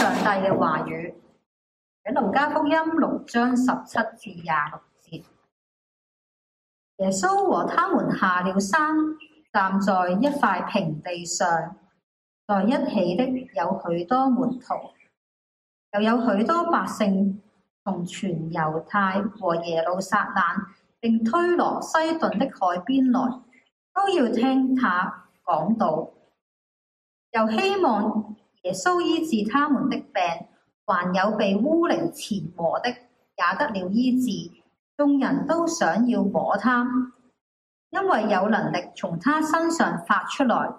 上帝嘅話語喺《路加福音》六章十七至廿六節，耶穌和他們下了山，站在一塊平地上，在一起的有許多門徒，又有許多百姓從全猶太和耶路撒冷，並推羅、西頓的海邊來，都要聽他講道，又希望。耶穌醫治他們的病，還有被污靈纏磨的，也得了醫治。眾人都想要摸他，因為有能力從他身上發出來，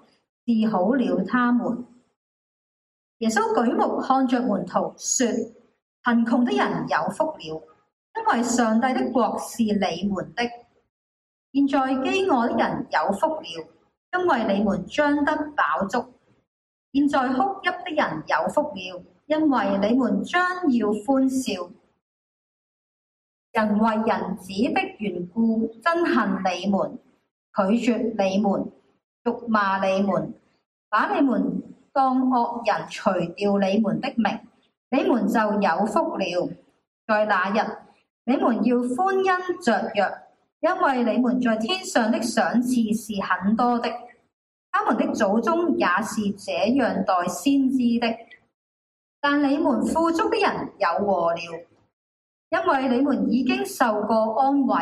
治好了他們。耶穌舉目看着門徒，說：貧窮的人有福了，因為上帝的國是你們的。現在飢餓的人有福了，因為你們將得飽足。現在哭泣的人有福了，因為你們將要歡笑。人為人子的緣故，憎恨你們，拒絕你們，辱罵你們，把你們當惡人，除掉你們的名，你們就有福了。在那日，你們要歡欣雀躍，因為你們在天上的賞賜是很多的。他們的祖宗也是這樣待先知的，但你們富足的人有禍了，因為你們已經受過安慰；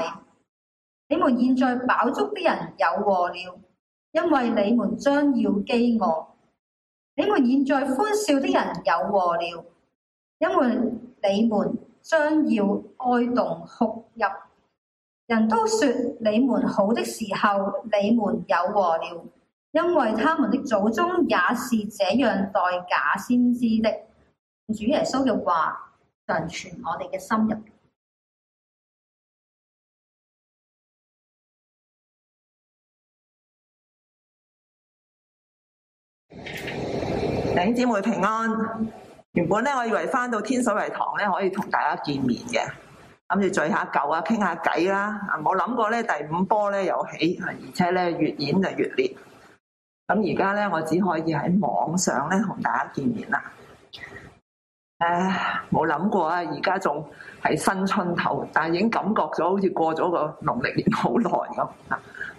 你們現在飽足的人有禍了，因為你們將要飢餓；你們現在歡笑的人有禍了，因為你們將要哀慟哭泣。人都說你們好的時候，你們有禍了。因為他們的祖宗也是這樣待假先知的。主耶穌嘅話常存我哋嘅心入邊。弟兄姊妹平安。原本咧，我以為翻到天水圍堂咧，可以同大家見面嘅，諗住聚下舊啊，傾下偈啦。啊，冇諗過咧，第五波咧又起，而且咧越演就越烈。咁而家咧，我只可以喺網上咧同大家見面啦。誒，冇諗過啊！而家仲係新春頭，但係已經感覺咗好似過咗個農曆年好耐咁。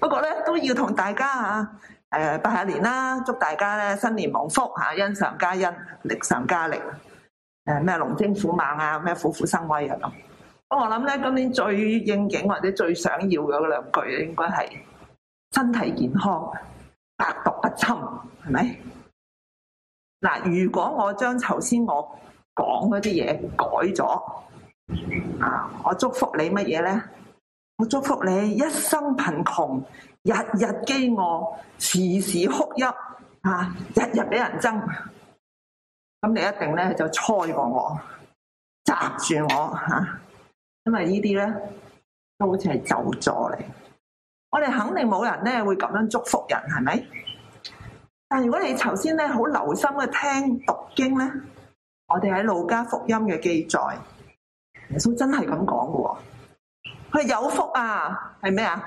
不過咧，都要同大家吓誒、呃、拜下年啦，祝大家咧新年忙福吓，恩、啊、上加恩，力上加力。誒、啊，咩龍精虎猛啊，咩虎虎生威啊咁。我諗咧，今年最應景或者最想要嘅嗰兩句，應該係身體健康，百毒不侵，係咪？嗱，如果我將頭先我講嗰啲嘢改咗啊，我祝福你乜嘢咧？我祝福你一生貧窮，日日飢餓，時時哭泣，啊，日日俾人憎。咁你一定咧就錯過我，夾住我，吓，因為這些呢啲咧都好似係咒詛嚟。我哋肯定冇人咧會咁樣祝福人，係咪？但如果你頭先咧好留心去聽讀經咧，我哋喺路加福音嘅記載，耶穌真係咁講嘅，佢有福啊，係咩啊？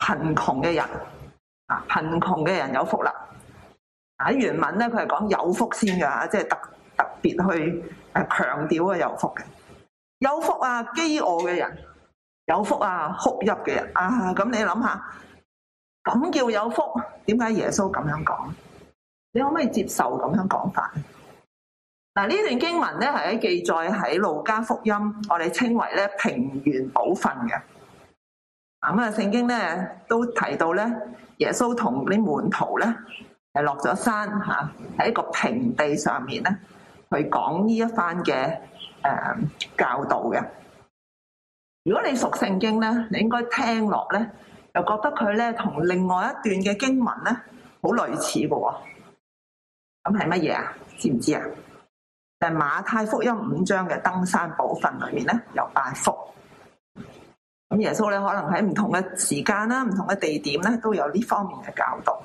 貧窮嘅人啊，貧窮嘅人有福啦。喺原文咧，佢係講有福先嘅，即係特特別去誒強調嘅有福嘅，有福啊，飢餓嘅人。有福啊，哭泣嘅啊，咁你諗下，咁叫有福？點解耶穌咁樣講？你可唔可以接受咁樣講法？嗱，呢段經文咧係喺記載喺路加福音，我哋稱為咧平原寶訓嘅。咁啊，聖經咧都提到咧，耶穌同啲門徒咧係落咗山吓，喺一個平地上面咧去講呢一番嘅誒教導嘅。如果你熟聖經咧，你應該聽落咧，又覺得佢咧同另外一段嘅經文咧好類似嘅喎。咁係乜嘢啊？知唔知啊？就是、馬太福音五章嘅登山寶訓裏面咧，有八福。咁耶穌咧可能喺唔同嘅時間啦、唔同嘅地點咧，都有呢方面嘅教導。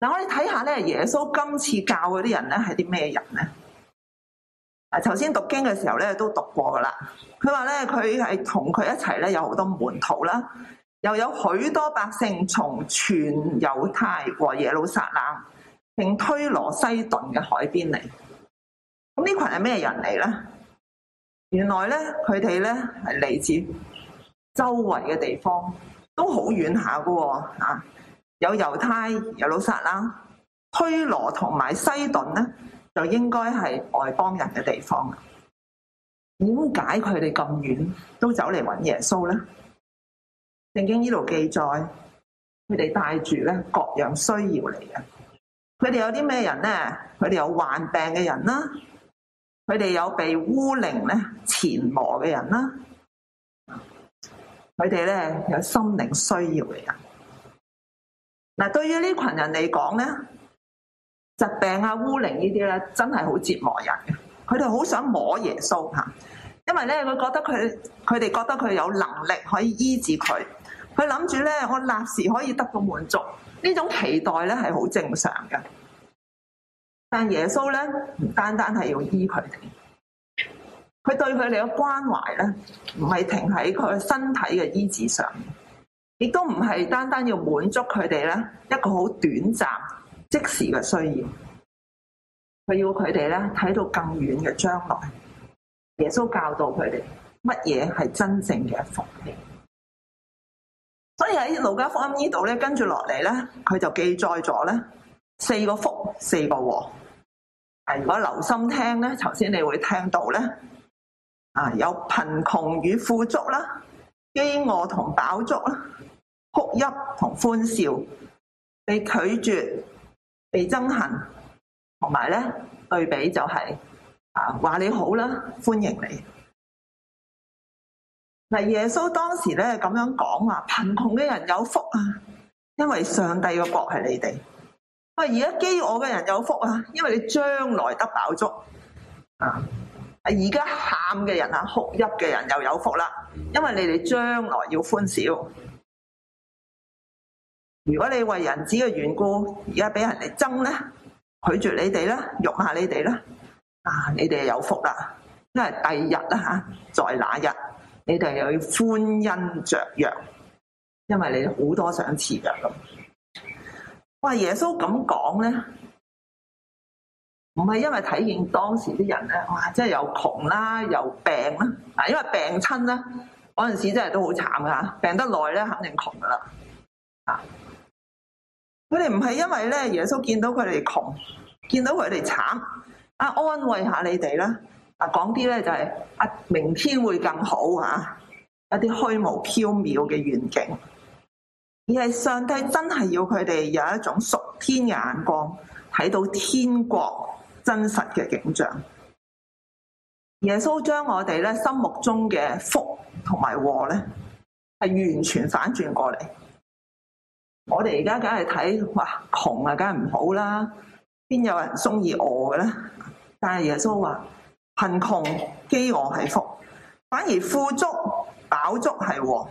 嗱，我哋睇下咧，耶穌今次教嗰啲人咧係啲咩人咧？啊！頭先讀經嘅時候咧，都讀過噶啦。佢話咧，佢係同佢一齊咧，有好多門徒啦，又有許多百姓從全猶太和耶路撒冷，並推羅西頓嘅海邊嚟。咁呢群係咩人嚟咧？原來咧，佢哋咧係嚟自周圍嘅地方，都好遠下噶喎。有猶太、耶路撒冷、推羅同埋西頓咧。就應該係外邦人嘅地方。點解佢哋咁遠都走嚟揾耶穌咧？聖經呢度記載，佢哋帶住咧各樣需要嚟嘅。佢哋有啲咩人咧？佢哋有患病嘅人啦、啊，佢哋有被污靈咧纏磨嘅人啦、啊，佢哋咧有心靈需要嘅人、啊。嗱，對於呢群人嚟講咧。疾病啊，污靈呢啲咧，真係好折磨人嘅。佢哋好想摸耶穌吓，因為咧佢覺得佢佢哋覺得佢有能力可以醫治佢。佢諗住咧，我立時可以得到滿足。呢種期待咧係好正常嘅。但耶穌咧唔單單係要醫佢哋，佢對佢哋嘅關懷咧唔係停喺佢身體嘅醫治上，亦都唔係單單要滿足佢哋咧一個好短暫。即時嘅需要他們，佢要佢哋咧睇到更遠嘅將來。耶穌教導佢哋乜嘢係真正嘅福氣。所以喺路加福音這裡呢度咧，跟住落嚟咧，佢就記載咗咧四個福、四個禍。啊，如果留心聽咧，頭先你會聽到咧，啊有貧窮與富足啦，饑餓同飽足啦，哭泣同歡笑，被拒絕。被憎恨，同埋咧對比就係、是、啊，話你好啦，歡迎你。嗱，耶穌當時咧咁樣講話：貧窮嘅人有福啊，因為上帝嘅國係你哋；喂，而家飢餓嘅人有福啊，因為你將來得飽足啊；啊，而家喊嘅人啊，哭泣嘅人又有福啦，啊，因為你哋將來要歡笑。如果你為人子嘅緣故，而家俾人哋憎咧，拒絕你哋咧，辱下你哋咧，啊，你哋有福啦，因為第二日啦嚇，在那日，你哋又要歡欣雀躍，因為你好多想吃藥咁。哇！耶穌咁講咧，唔係因為體現當時啲人咧，哇，真係又窮啦，又病啦，啊，因為病親啦，嗰陣時真係都好慘噶嚇，病得耐咧，肯定窮噶啦，啊！佢哋唔係因為咧，耶穌見到佢哋窮，見到佢哋慘，啊，安慰下你哋啦。啊，講啲咧就係啊，明天會更好啊，一啲虛無縹緲嘅願景，而係上帝真係要佢哋有一種屬天嘅眼光，睇到天國真實嘅景象。耶穌將我哋咧心目中嘅福同埋禍咧，係完全反轉過嚟。我哋而家梗係睇，哇！窮啊，梗係唔好啦、啊，邊有人中意我嘅咧？但係耶穌話：貧窮飢餓係福，反而富足飽足係禍。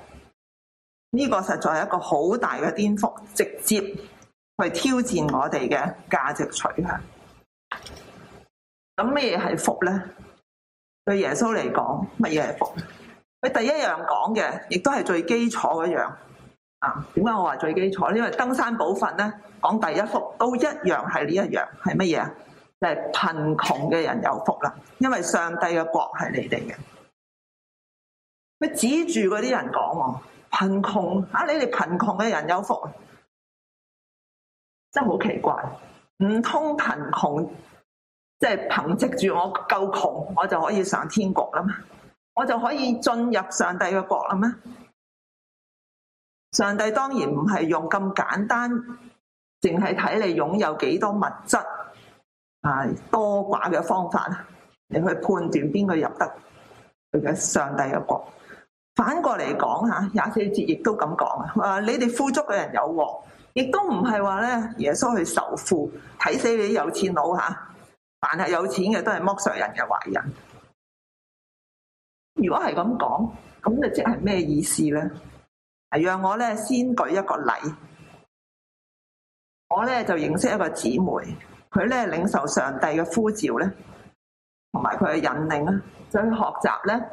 呢、這個實在係一個好大嘅顛覆，直接去挑戰我哋嘅價值取向。咁咩嘢係福咧？對耶穌嚟講，乜嘢係福？佢第一樣講嘅，亦都係最基礎一樣。啊，點解我話最基礎咧？因為登山寶訓咧，講第一福都一樣係呢一樣，係乜嘢啊？就係貧窮嘅人有福啦，因為上帝嘅國係你哋嘅。佢指住嗰啲人講：貧窮啊，你哋貧窮嘅人有福，真係好奇怪，唔通貧窮即係憑藉住我夠窮，我就可以上天國啦嘛？我就可以進入上帝嘅國啦咩？上帝當然唔係用咁簡單，淨係睇你擁有幾多物質啊多寡嘅方法啦，你去判斷邊個入得佢嘅上帝嘅國。反過嚟講嚇，廿四節亦都咁講啊！你哋富足嘅人有禍，亦都唔係話咧耶穌去仇富，睇死你啲有錢佬嚇！凡係有錢嘅都係剝削人嘅壞人。如果係咁講，咁你即係咩意思咧？係讓我咧，先舉一個例。我咧就認識一個姊妹，佢咧，領受上帝嘅呼召咧，同埋佢嘅引領就去學習咧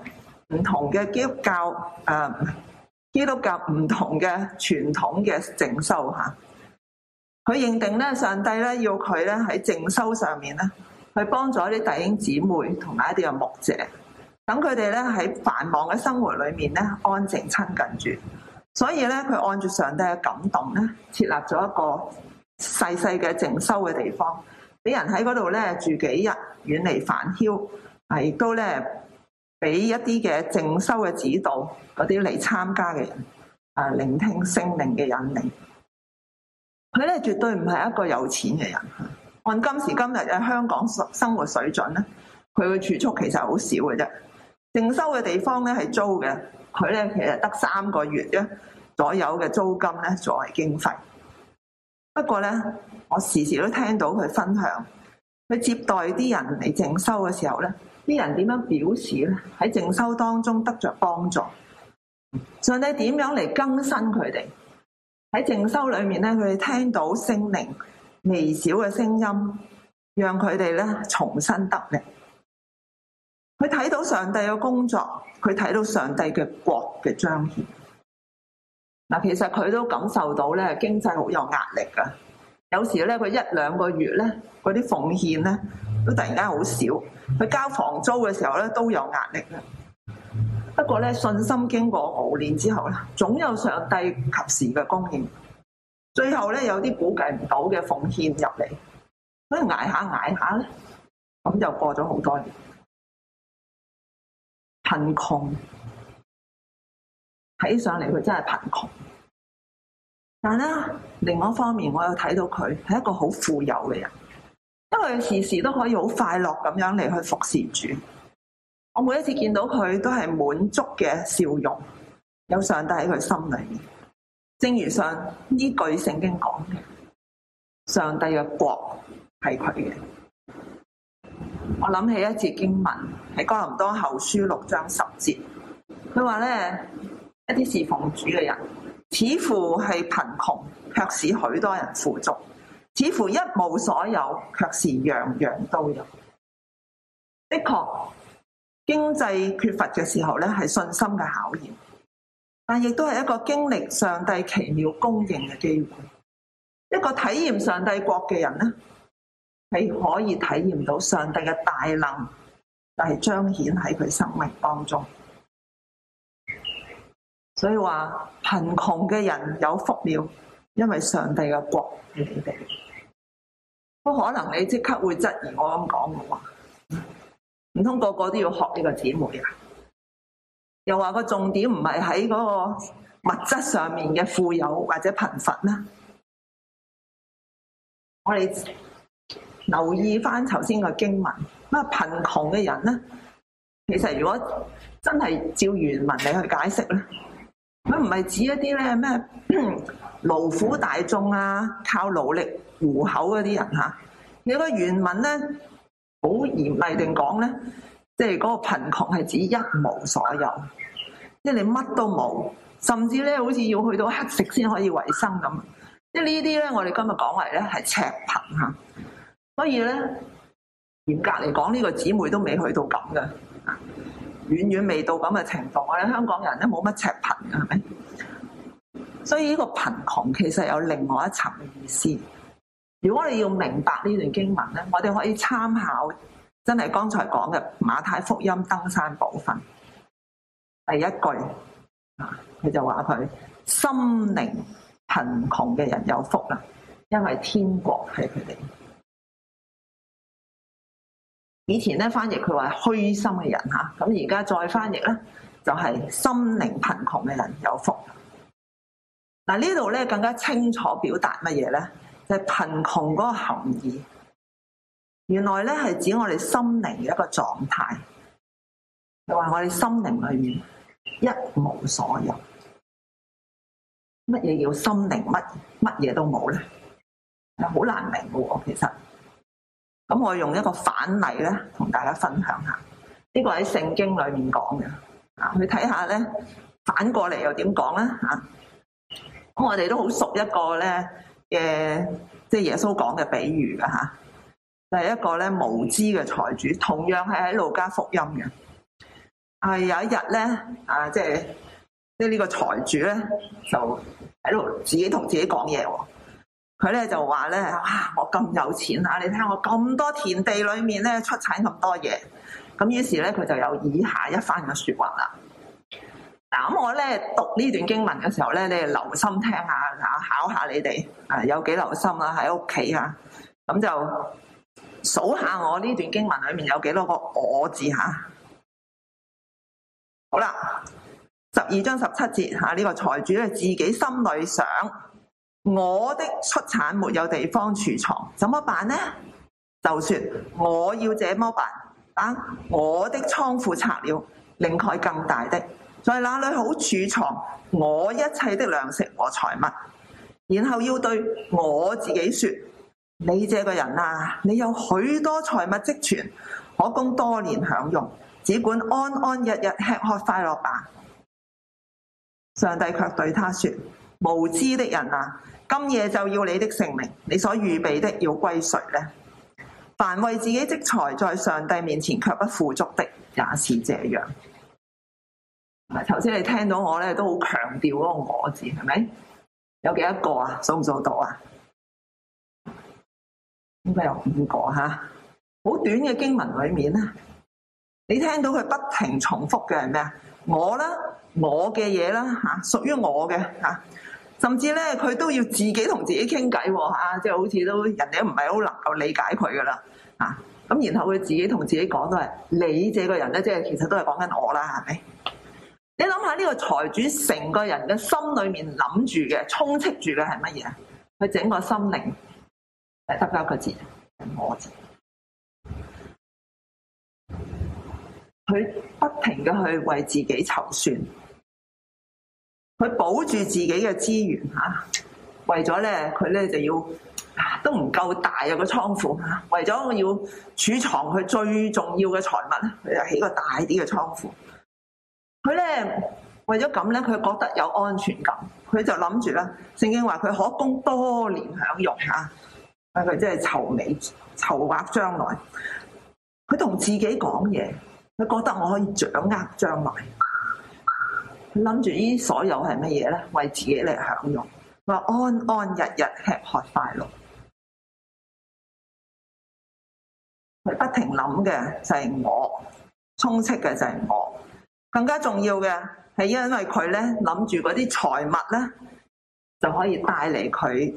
唔同嘅基督教誒、嗯、基督教唔同嘅傳統嘅靜修吓。佢認定咧，上帝咧要佢咧喺靜修上面咧去幫助一啲弟兄姊妹同埋一啲嘅牧者，等佢哋咧喺繁忙嘅生活裏面咧安靜親近主。所以咧，佢按住上帝嘅感動咧，設立咗一個細細嘅靜修嘅地方，俾人喺嗰度咧住幾日，遠離繁囂，係亦都咧俾一啲嘅靜修嘅指導，嗰啲嚟參加嘅人啊，聆聽聖靈嘅引領。佢咧絕對唔係一個有錢嘅人，按今時今日嘅香港生活水準咧，佢嘅儲蓄其實好少嘅啫。靜修嘅地方咧係租嘅。佢咧其實得三個月啫，左右嘅租金咧作為經費。不過咧，我時時都聽到佢分享，佢接待啲人嚟靜修嘅時候咧，啲人點樣表示咧？喺靜修當中得着幫助，上帝點樣嚟更新佢哋？喺靜修裡面咧，佢哋聽到聲靈微小嘅聲音，讓佢哋咧重新得力。佢睇到上帝嘅工作，佢睇到上帝嘅國嘅彰顯嗱。其實佢都感受到咧，經濟好有壓力噶。有時咧，佢一兩個月咧，嗰啲奉獻咧都突然間好少。佢交房租嘅時候咧都有壓力啦。不過咧，信心經過五年之後咧，總有上帝及時嘅貢獻。最後咧，有啲估計唔到嘅奉獻入嚟，咁捱下捱下咧，咁就過咗好多年。貧窮睇上嚟佢真係貧窮，但呢，另外一方面我又睇到佢係一個好富有嘅人，因為佢時時都可以好快樂咁樣嚟去服侍主。我每一次見到佢都係滿足嘅笑容，有上帝喺佢心裏面，正如上呢句聖經講嘅：上帝嘅國係佢嘅。我諗起一節經文喺哥林多後書六章十節，佢話咧一啲侍奉主嘅人，似乎係貧窮，卻使許多人富足；似乎一無所有，卻是樣樣都有。的確，經濟缺乏嘅時候咧，係信心嘅考驗，但亦都係一個經歷上帝奇妙供應嘅機會。一個體驗上帝國嘅人咧。係可以體驗到上帝嘅大能，但係彰顯喺佢生命當中。所以話貧窮嘅人有福了，因為上帝嘅國係你哋。不可能你即刻會質疑我咁講嘅話，唔通個個都要學呢個姊妹啊？又話個重點唔係喺嗰個物質上面嘅富有或者貧乏呢？我哋。留意翻頭先個經文，乜貧窮嘅人咧？其實如果真係照原文嚟去解釋咧，佢唔係指一啲咧咩勞苦大眾啊，靠努力糊口嗰啲人嚇。你個原文咧好嚴厲定講咧，即係嗰個貧窮係指一無所有，即係你乜都冇，甚至咧好似要去到乞食先可以維生咁。即係呢啲咧，我哋今日講嚟咧係赤貧嚇。所以咧，嚴格嚟講，呢、這個姊妹都未去到咁嘅，遠遠未到咁嘅情況。我哋香港人咧冇乜赤貧，係咪？所以呢個貧窮其實有另外一層意思。如果你要明白呢段經文咧，我哋可以參考，真係剛才講嘅馬太福音登山寶訓第一句，啊，佢就話佢心靈貧窮嘅人有福啦，因為天國係佢哋。以前咧翻譯佢話虛心嘅人吓，咁而家再翻譯咧就係心靈貧窮嘅人有福。嗱，呢度咧更加清楚表達乜嘢咧，就係貧窮嗰個含義。原來咧係指我哋心靈嘅一個狀態。就話、是、我哋心靈裏面一無所有。乜嘢叫心靈乜乜嘢都冇咧？好難明嘅喎，其實。咁我用一個反例咧，同大家分享下，呢、這個喺聖經裏面講嘅，啊，去睇下咧，反過嚟，又點講咧？吓、啊，我哋都好熟一個咧嘅，即、呃、係、就是、耶穌講嘅比喻嘅吓，就、啊、係一個咧無知嘅財主，同樣係喺路加福音嘅，係有一日咧，啊，即係即係呢個財主咧，就喺、是、度自己同自己講嘢喎。佢咧就話咧哇！我咁有錢啊！你睇我咁多田地裏面咧出產咁多嘢，咁於是咧佢就有以下一番嘅說話啦。嗱，咁我咧讀呢段經文嘅時候咧，你留心聽下吓，考下你哋啊，有幾留心啊？喺屋企吓，咁就數下我呢段經文裏面有幾多個我字吓。好啦，十二章十七節吓，呢個財主咧自己心裏想。我的出產沒有地方儲藏，怎麼辦呢？就說我要這麼辦啊？把我的倉庫拆了，另蓋更大的，在、就是、那裏好儲藏我一切的糧食和財物，然後要對我自己說：你這個人啊，你有許多財物積存，可供多年享用，只管安安逸逸吃喝快樂吧。上帝卻對他說。無知的人啊，今夜就要你的性命，你所預備的要歸誰咧？凡為自己積財在上帝面前卻不富足的，也是這樣。頭先你聽到我咧都好強調嗰個我字，係咪？有幾多個啊？數唔數到啊？應該有五個吓、啊。好短嘅經文裏面咧，你聽到佢不停重複嘅係咩啊？我啦，我嘅嘢啦，吓屬於我嘅吓。甚至咧，佢都要自己同自己傾偈喎嚇，即係好似都人哋都唔係好能夠理解佢噶啦啊！咁然後佢自己同自己講都係，你這個人咧，即係其實都係講緊我啦，係咪？你諗下呢個財主成個人嘅心裏面諗住嘅、充斥住嘅係乜嘢？佢整個心靈係得嗰一個字，我字。佢不停嘅去為自己籌算。佢保住自己嘅資源吓，為咗咧，佢咧就要都唔夠大有個倉庫吓，為咗要儲藏佢最重要嘅財物，佢就起個大啲嘅倉庫。佢咧為咗咁咧，佢覺得有安全感，佢就諗住啦。聖經話佢可供多年享用吓，啊佢真係籌眉籌劃將來。佢同自己講嘢，佢覺得我可以掌握將來。諗住呢所有係乜嘢咧？為自己嚟享用，話安安日日吃喝快樂。佢不停諗嘅就係我，充斥嘅就係我。更加重要嘅係因為佢咧諗住嗰啲財物咧，就可以帶嚟佢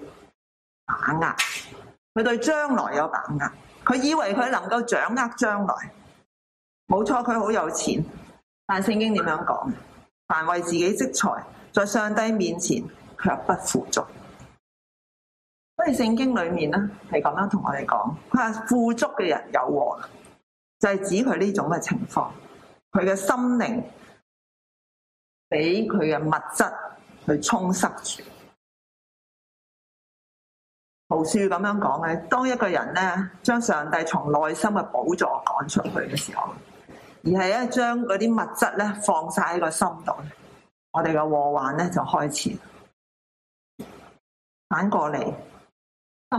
把握。佢對將來有把握，佢以為佢能夠掌握將來。冇錯，佢好有錢，但聖經點樣講？凡為自己積財，在上帝面前卻不富足。所以聖經裏面咧係咁樣同我哋講，佢話富足嘅人有禍，就係指佢呢種嘅情況，佢嘅心靈俾佢嘅物質去充塞住。無書咁樣講嘅，當一個人咧將上帝從內心嘅寶座趕出去嘅時候。而係咧，將嗰啲物質咧放晒喺個心度，我哋嘅禍患咧就開始了。反過嚟，心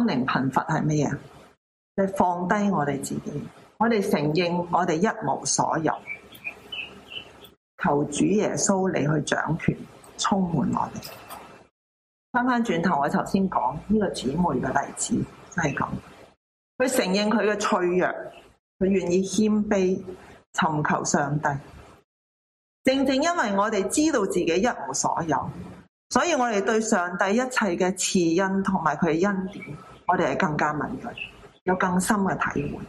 靈貧乏係咩嘢？你放低我哋自己，我哋承認我哋一無所有，求主耶穌你去掌權，充滿我哋。翻翻轉頭，我頭先講呢個姊妹嘅例子就是這樣，真係咁。佢承認佢嘅脆弱，佢願意謙卑。尋求上帝，正正因為我哋知道自己一無所有，所以我哋對上帝一切嘅慈恩同埋佢嘅恩典，我哋係更加敏感，有更深嘅體會。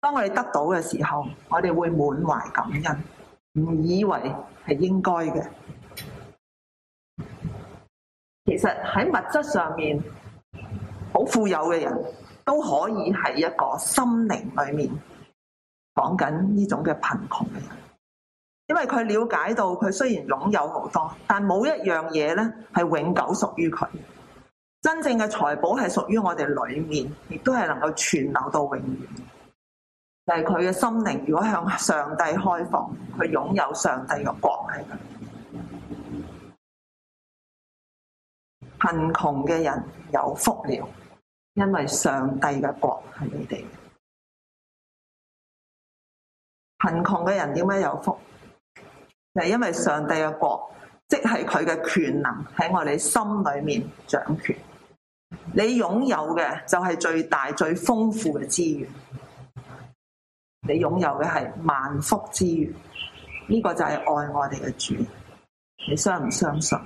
當我哋得到嘅時候，我哋會滿懷感恩，唔以為係應該嘅。其實喺物質上面好富有嘅人都可以喺一個心靈裏面。講緊呢種嘅貧窮嘅人，因為佢了解到佢雖然擁有好多，但冇一樣嘢咧係永久屬於佢。真正嘅財寶係屬於我哋裏面，亦都係能夠存留到永遠。但係佢嘅心靈，如果向上帝開放，佢擁有上帝嘅國係佢。貧窮嘅人有福了，因為上帝嘅國係你哋。貧窮嘅人點解有福？就係、是、因為上帝嘅國，即係佢嘅權能喺我哋心裏面掌權。你擁有嘅就係最大最豐富嘅資源，你擁有嘅係萬福資源。呢、這個就係愛我哋嘅主，你相唔相信？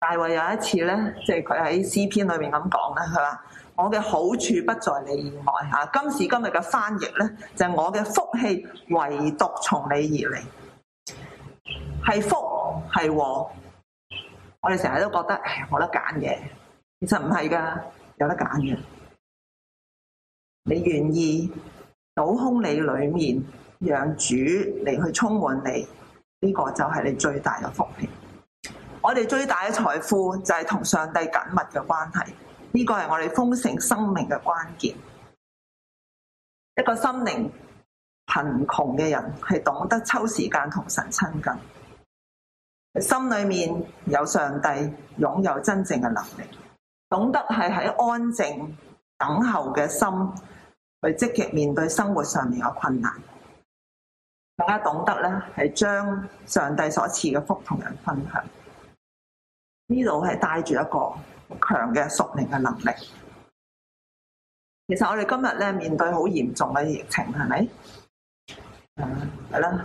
大衛有一次咧，即係佢喺 C 篇裏面咁講咧，係嘛？我嘅好處不在你以外，嚇！今時今日嘅翻譯咧，就係、是、我嘅福氣，唯獨從你而嚟，係福係禍。我哋成日都覺得唉，冇得揀嘅，其實唔係噶，有得揀嘅。你願意倒空你裏面，讓主嚟去充滿你，呢、這個就係你最大嘅福氣。我哋最大嘅財富就係同上帝緊密嘅關係。呢個係我哋豐盛生命嘅關鍵。一個心靈貧窮嘅人，係懂得抽時間同神親近，心裏面有上帝，擁有真正嘅能力，懂得係喺安靜等候嘅心，去積極面對生活上面嘅困難，更加懂得咧係將上帝所賜嘅福同人分享。呢度係帶住一個。強嘅熟練嘅能力，其實我哋今日咧面對好嚴重嘅疫情，係咪？係啦，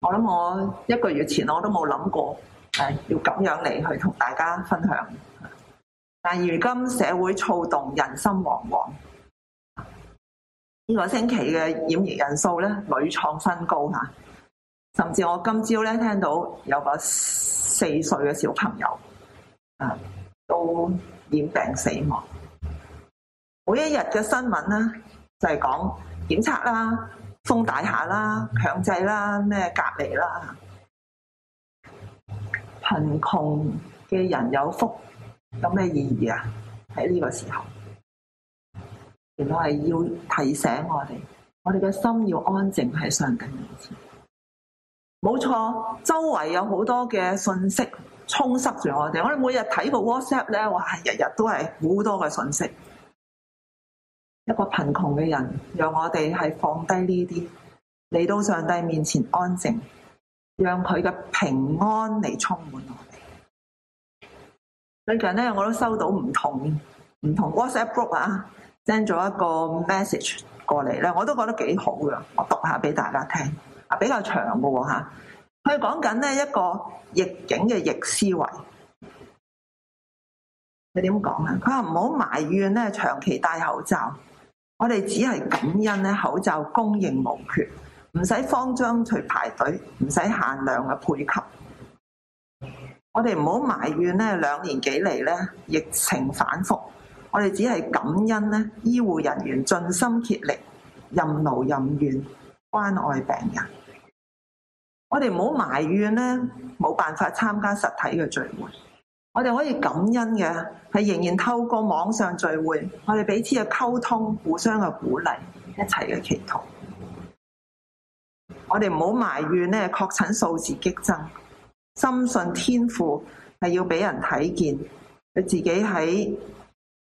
我諗我一個月前我都冇諗過，誒，要咁樣嚟，去同大家分享。但如今社會躁動，人心惶惶。呢個星期嘅染疫人數咧屢創新高吓，甚至我今朝咧聽到有個四歲嘅小朋友。啊，都染病死亡，每一日嘅新聞呢，就係講檢測啦、封大廈啦、強制啦、咩隔離啦。貧窮嘅人有福，有咩意義啊？喺呢個時候，原來係要提醒我哋，我哋嘅心要安靜喺上帝面前。冇錯，周圍有好多嘅信息。充塞住我哋，我哋每日睇個 WhatsApp 咧，哇！日日都係好多嘅信息。一個貧窮嘅人，讓我哋係放低呢啲，嚟到上帝面前安靜，讓佢嘅平安嚟充滿我哋。最近咧，我都收到唔同唔同 WhatsApp group 啊，send 咗一個 message 過嚟咧，我都覺得幾好㗎。我讀下俾大家聽，比較長嘅喎嚇佢講緊咧一個逆境嘅逆思維，佢點講咧？佢話唔好埋怨咧長期戴口罩，我哋只係感恩咧口罩供應無缺，唔使慌張隨排隊，唔使限量嘅配給。我哋唔好埋怨咧兩年幾嚟咧疫情反覆，我哋只係感恩咧醫護人員盡心竭力，任勞任怨，關愛病人。我哋唔好埋怨咧，冇辦法參加實體嘅聚會。我哋可以感恩嘅係仍然透過網上聚會，我哋彼此嘅溝通，互相嘅鼓勵，一齊嘅祈禱。我哋唔好埋怨咧，確診數字激增，深信天父係要俾人睇見。佢自己喺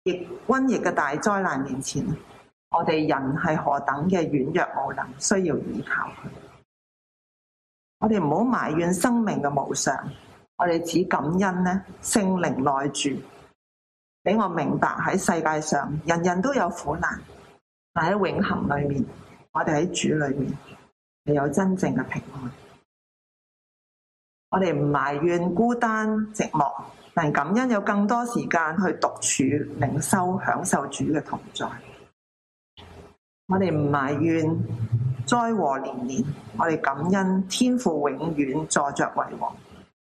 疫瘟疫嘅大災難面前，我哋人係何等嘅軟弱無能，需要依靠佢。我哋唔好埋怨生命嘅無常，我哋只感恩咧聖靈內住，俾我明白喺世界上人人都有苦難，但喺永恆裏面，我哋喺主裏面係有真正嘅平安。我哋唔埋怨孤單寂寞，但感恩有更多時間去獨處靈修，享受主嘅同在。我哋唔埋怨。災禍連連，我哋感恩天父永遠坐着為王，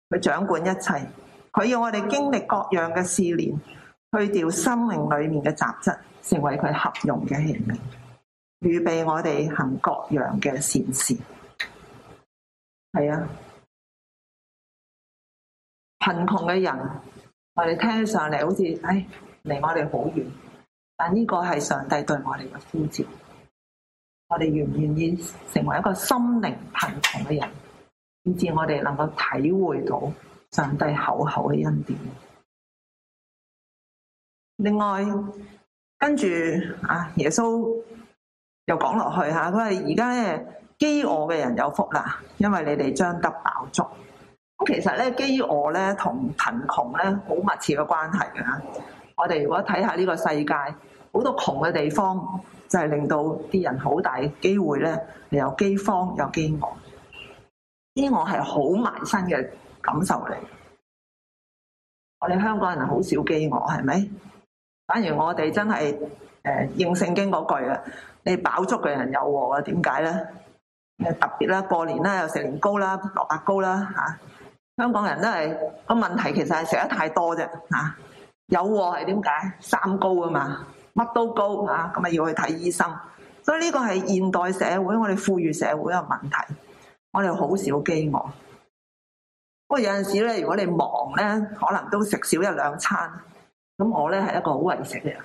佢掌管一切，佢要我哋經歷各樣嘅試煉，去掉生命裏面嘅雜質，成為佢合用嘅器皿，預備我哋行各樣嘅善事。係啊，貧窮嘅人，我哋聽起上嚟好似，唉，離我哋好遠，但呢個係上帝對我哋嘅呼召。我哋願唔願意成為一個心靈貧窮嘅人，以至我哋能夠體會到上帝厚厚嘅恩典。另外，跟住啊，耶穌又講落去吓，佢係而家咧，饑餓嘅人有福啦，因為你哋將得飽足。咁其實咧，饑餓咧同貧窮咧好密切嘅關係嘅吓。我哋如果睇下呢個世界，好多窮嘅地方。就係令到啲人好大機會咧，你有饑荒，有饑餓。饑餓係好埋身嘅感受嚟。我哋香港人好少饑餓，係咪？反而我哋真係誒應聖經嗰句啊，你飽足嘅人有禍啊。點解咧？特別啦，過年啦，又食年糕啦、蘿蔔糕啦嚇。香港人都係個問題，其實係食得太多啫嚇。有禍係點解？三高啊嘛。乜都高嚇，咁啊要去睇醫生。所以呢個係現代社會，我哋富裕社會嘅問題。我哋好少飢餓，不過有陣時咧，如果你忙咧，可能都食少一兩餐。咁我咧係一個好為食嘅人，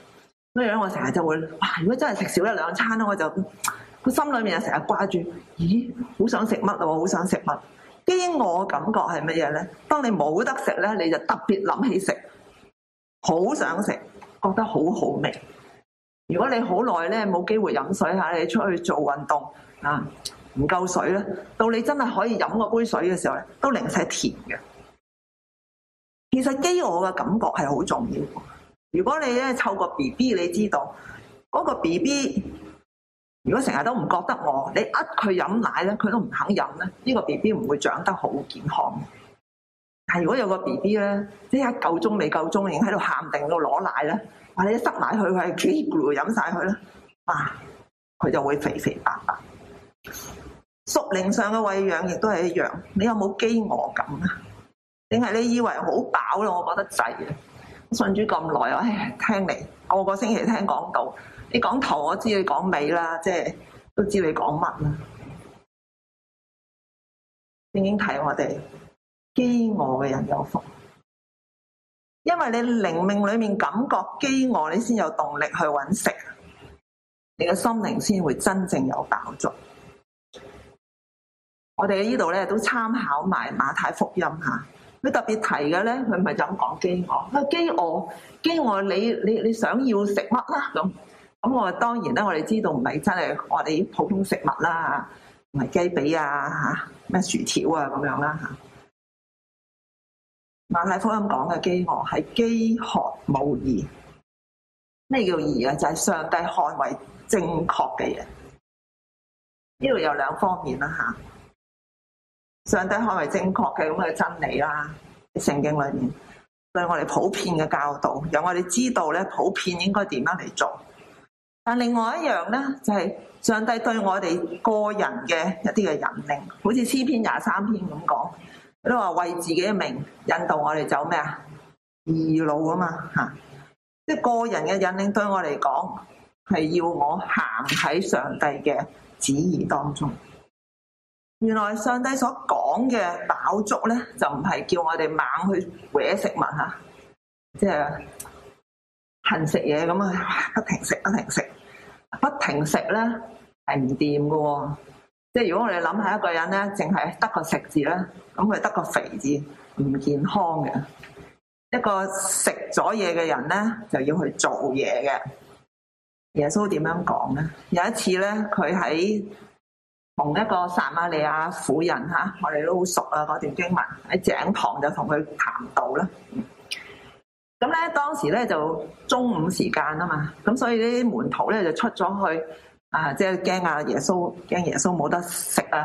所以咧我成日就會，哇！如果真係食少一兩餐咧，我就個心裏面啊成日掛住，咦？好想食乜啊！我好想食乜。飢餓嘅感覺係乜嘢咧？當你冇得食咧，你就特別諗起食，好想食，覺得好好味。如果你好耐咧冇機會飲水吓，你出去做運動啊，唔夠水咧，到你真係可以飲個杯水嘅時候咧，都零舍甜嘅。其實飢餓嘅感覺係好重要的。如果你咧湊個 B B，你知道嗰、那個 B B，如果成日都唔覺得餓，你呃佢飲奶咧，佢都唔肯飲咧，呢、這個 B B 唔會長得好健康。但係如果有個 B B 咧，即刻夠鐘未夠鐘，已經喺度喊定到攞奶咧。或者塞埋去，佢係 keep 住飲晒佢啦，啊，佢就會肥肥白白。屬靈上嘅餵養亦都係一樣，你有冇飢餓感啊？定係你以為好飽咯，啊？我覺得滯啊！信主咁耐，我誒聽你個個星期聽講道，你講頭我知道你講尾啦，即係都知道你講乜啦。正經睇我哋飢餓嘅人有福。因為你靈命裡面感覺飢餓，你先有動力去揾食，你嘅心靈先會真正有飽足。我哋喺呢度咧都參考埋馬太福音嚇，佢特別提嘅咧，佢唔係就咁講飢餓，啊飢餓，飢餓你你你想要食乜啦咁，咁我當然咧，我哋知道唔係真係我哋普通食物啦，唔係雞髀啊嚇，咩薯條啊咁樣啦嚇。馬太福音講嘅飢餓係飢渴慕義，咩叫義啊？就係、是、上帝看為正確嘅嘢。呢度有兩方面啦吓，上帝看為正確嘅咁嘅真理啦，聖經裏面對我哋普遍嘅教導，讓我哋知道咧普遍應該點樣嚟做。但另外一樣咧，就係、是、上帝對我哋個人嘅一啲嘅引領，好似詩篇廿三篇咁講。你話為自己嘅名引導我哋走咩啊？義路啊嘛嚇，即係個人嘅引領，對我嚟講係要我行喺上帝嘅旨意當中。原來上帝所講嘅飽足咧，就唔係叫我哋猛去搲食物嚇、啊，即係恨食嘢咁啊，不停食不停食，不停食咧係唔掂㗎喎。即係如果我哋諗下一個人咧，淨係得個食字咧，咁佢得個肥字，唔健康嘅。一個食咗嘢嘅人咧，就要去做嘢嘅。耶穌點樣講咧？有一次咧，佢喺同一個撒瑪利亞婦人嚇，我哋都好熟啊，嗰段經文喺井旁就同佢談道啦。咁咧當時咧就中午時間啊嘛，咁所以呢啲門徒咧就出咗去。啊！即係驚啊！耶穌驚耶穌冇得食啦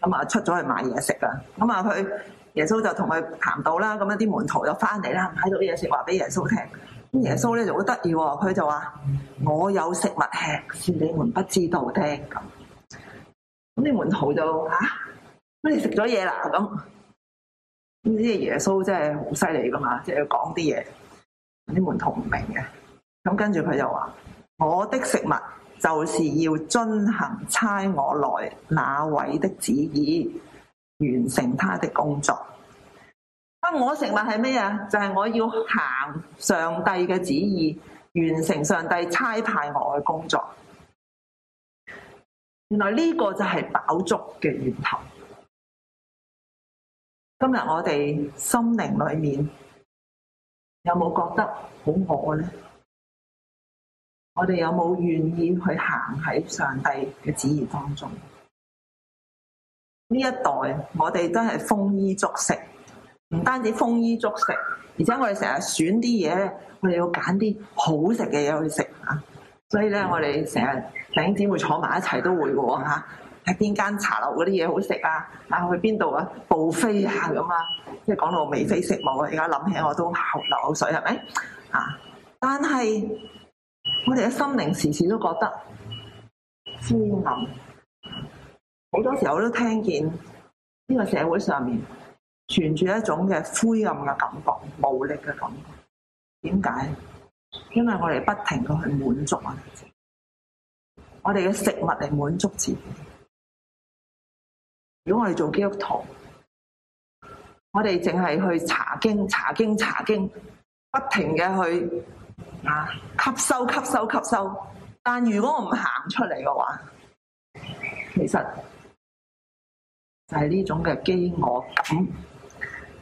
嚇，咁啊出咗去買嘢食啊，咁啊佢耶穌就同佢談道啦，咁一啲門徒就翻嚟啦，買到啲嘢食話俾耶穌聽，咁耶穌咧就好得意喎，佢就話我有食物吃，你們不知道聽咁。咁啲門徒就嚇，乜、哎、你食咗嘢啦咁？咁啲耶穌真係好犀利㗎嘛，即係講啲嘢，啲門徒唔明嘅。咁跟住佢就話我的食物。就是要遵行差我來那位的旨意，完成他的工作。我食物係咩啊？就係、是、我要行上帝嘅旨意，完成上帝差派我嘅工作。原來呢個就係飽足嘅源頭。今日我哋心靈裏面有冇覺得好餓咧？我哋有冇願意去行喺上帝嘅旨意當中？呢一代我哋真係豐衣足食，唔單止豐衣足食，而且我哋成日選啲嘢，我哋要揀啲好食嘅嘢去食啊！所以咧，我哋成日頂尖會坐埋一齊都會嘅喎吓，喺邊間茶樓嗰啲嘢好食啊！啊，去邊度啊？暴飛啊咁啊！即係講到眉飛色舞啊！而家諗起我都流口水係咪啊？但係。我哋嘅心靈時時都覺得灰暗，好多時候我都聽見呢個社會上面存住一種嘅灰暗嘅感覺、無力嘅感覺。點解？因為我哋不停咁去滿足啊！我哋嘅食物嚟滿足自己。如果我哋做基督徒，我哋淨係去查經、查經、查經，不停嘅去。啊！吸收、吸收、吸收。但如果我唔行出嚟嘅話，其實就係呢種嘅飢餓感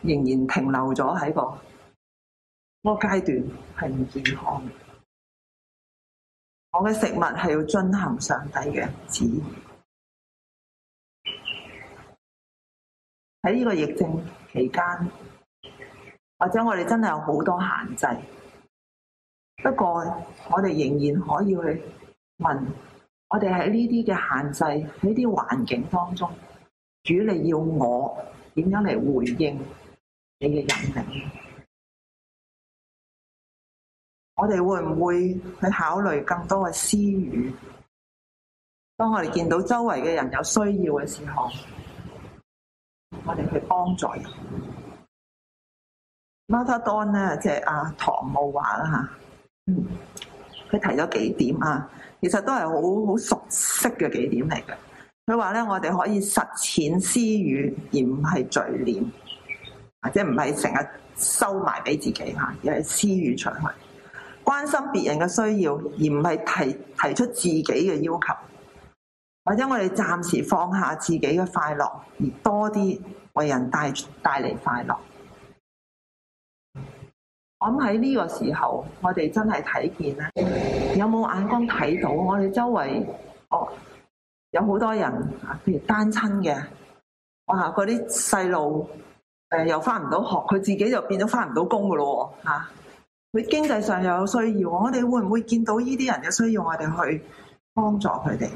仍然停留咗喺個嗰個階段，係唔健康的。我嘅食物係要遵行上帝嘅旨。喺呢個疫症期間，或者我哋真係有好多限制。不過，我哋仍然可以去問，我哋喺呢啲嘅限制、呢啲環境當中，主你要我點樣嚟回應你嘅引領？我哋會唔會去考慮更多嘅私語？當我哋見到周圍嘅人有需要嘅時候，我哋去幫助人。Mother Dawn 咧，即係阿唐慕華啦嚇。嗯，佢提咗幾點啊？其實都係好好熟悉嘅幾點嚟嘅。佢話呢，我哋可以實踐私語，而唔係罪念，或者唔係成日收埋俾自己吓，又係私語出去，關心別人嘅需要，而唔係提提出自己嘅要求，或者我哋暫時放下自己嘅快樂，而多啲為人帶帶嚟快樂。我喺呢個時候，我哋真係睇見咧，有冇眼光睇到我哋周圍？哦，有好多人嚇，譬如單親嘅，哇！嗰啲細路誒又翻唔到學，佢自己就變咗翻唔到工噶咯喎嚇！佢經濟上又有需要，我哋會唔會見到呢啲人嘅需要，我哋去幫助佢哋？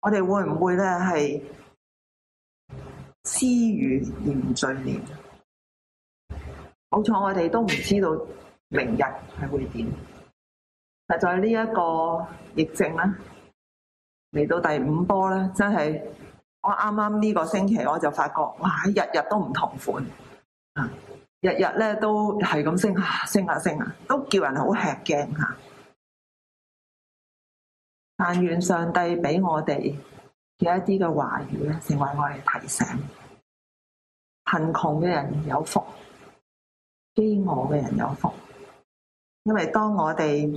我哋會唔會咧係私予言盡了？好彩我哋都唔知道明日係會點，但就係呢一個疫症咧，嚟到第五波咧，真係我啱啱呢個星期我就發覺，哇！日日都唔同款，日日咧都係咁升啊、升啊升啊升啊，都叫人好吃驚嚇。但願上帝俾我哋有一啲嘅話語咧，成為我哋提醒貧窮嘅人有福。飢餓嘅人有福，因為當我哋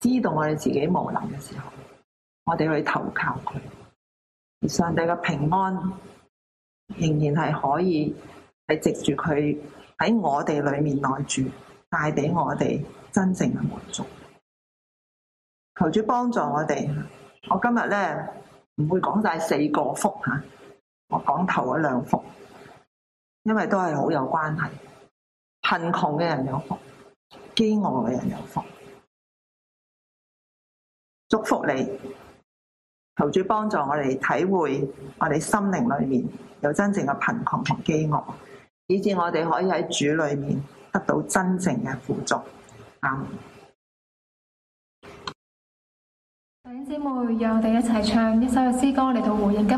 知道我哋自己無能嘅時候，我哋去投靠佢，而上帝嘅平安仍然係可以係藉住佢喺我哋裏面內住，帶俾我哋真正嘅滿足。求主幫助我哋。我今日咧唔會講晒四個福吓，我講頭一兩福，因為都係好有關係。貧窮嘅人有福，飢餓嘅人有福。祝福你，求主幫助我哋體會我哋心靈裏面有真正嘅貧窮同飢餓，以致我哋可以喺主裏面得到真正嘅富足。啱。弟兄姊妹，讓我哋一齊唱一首詩歌嚟到回應。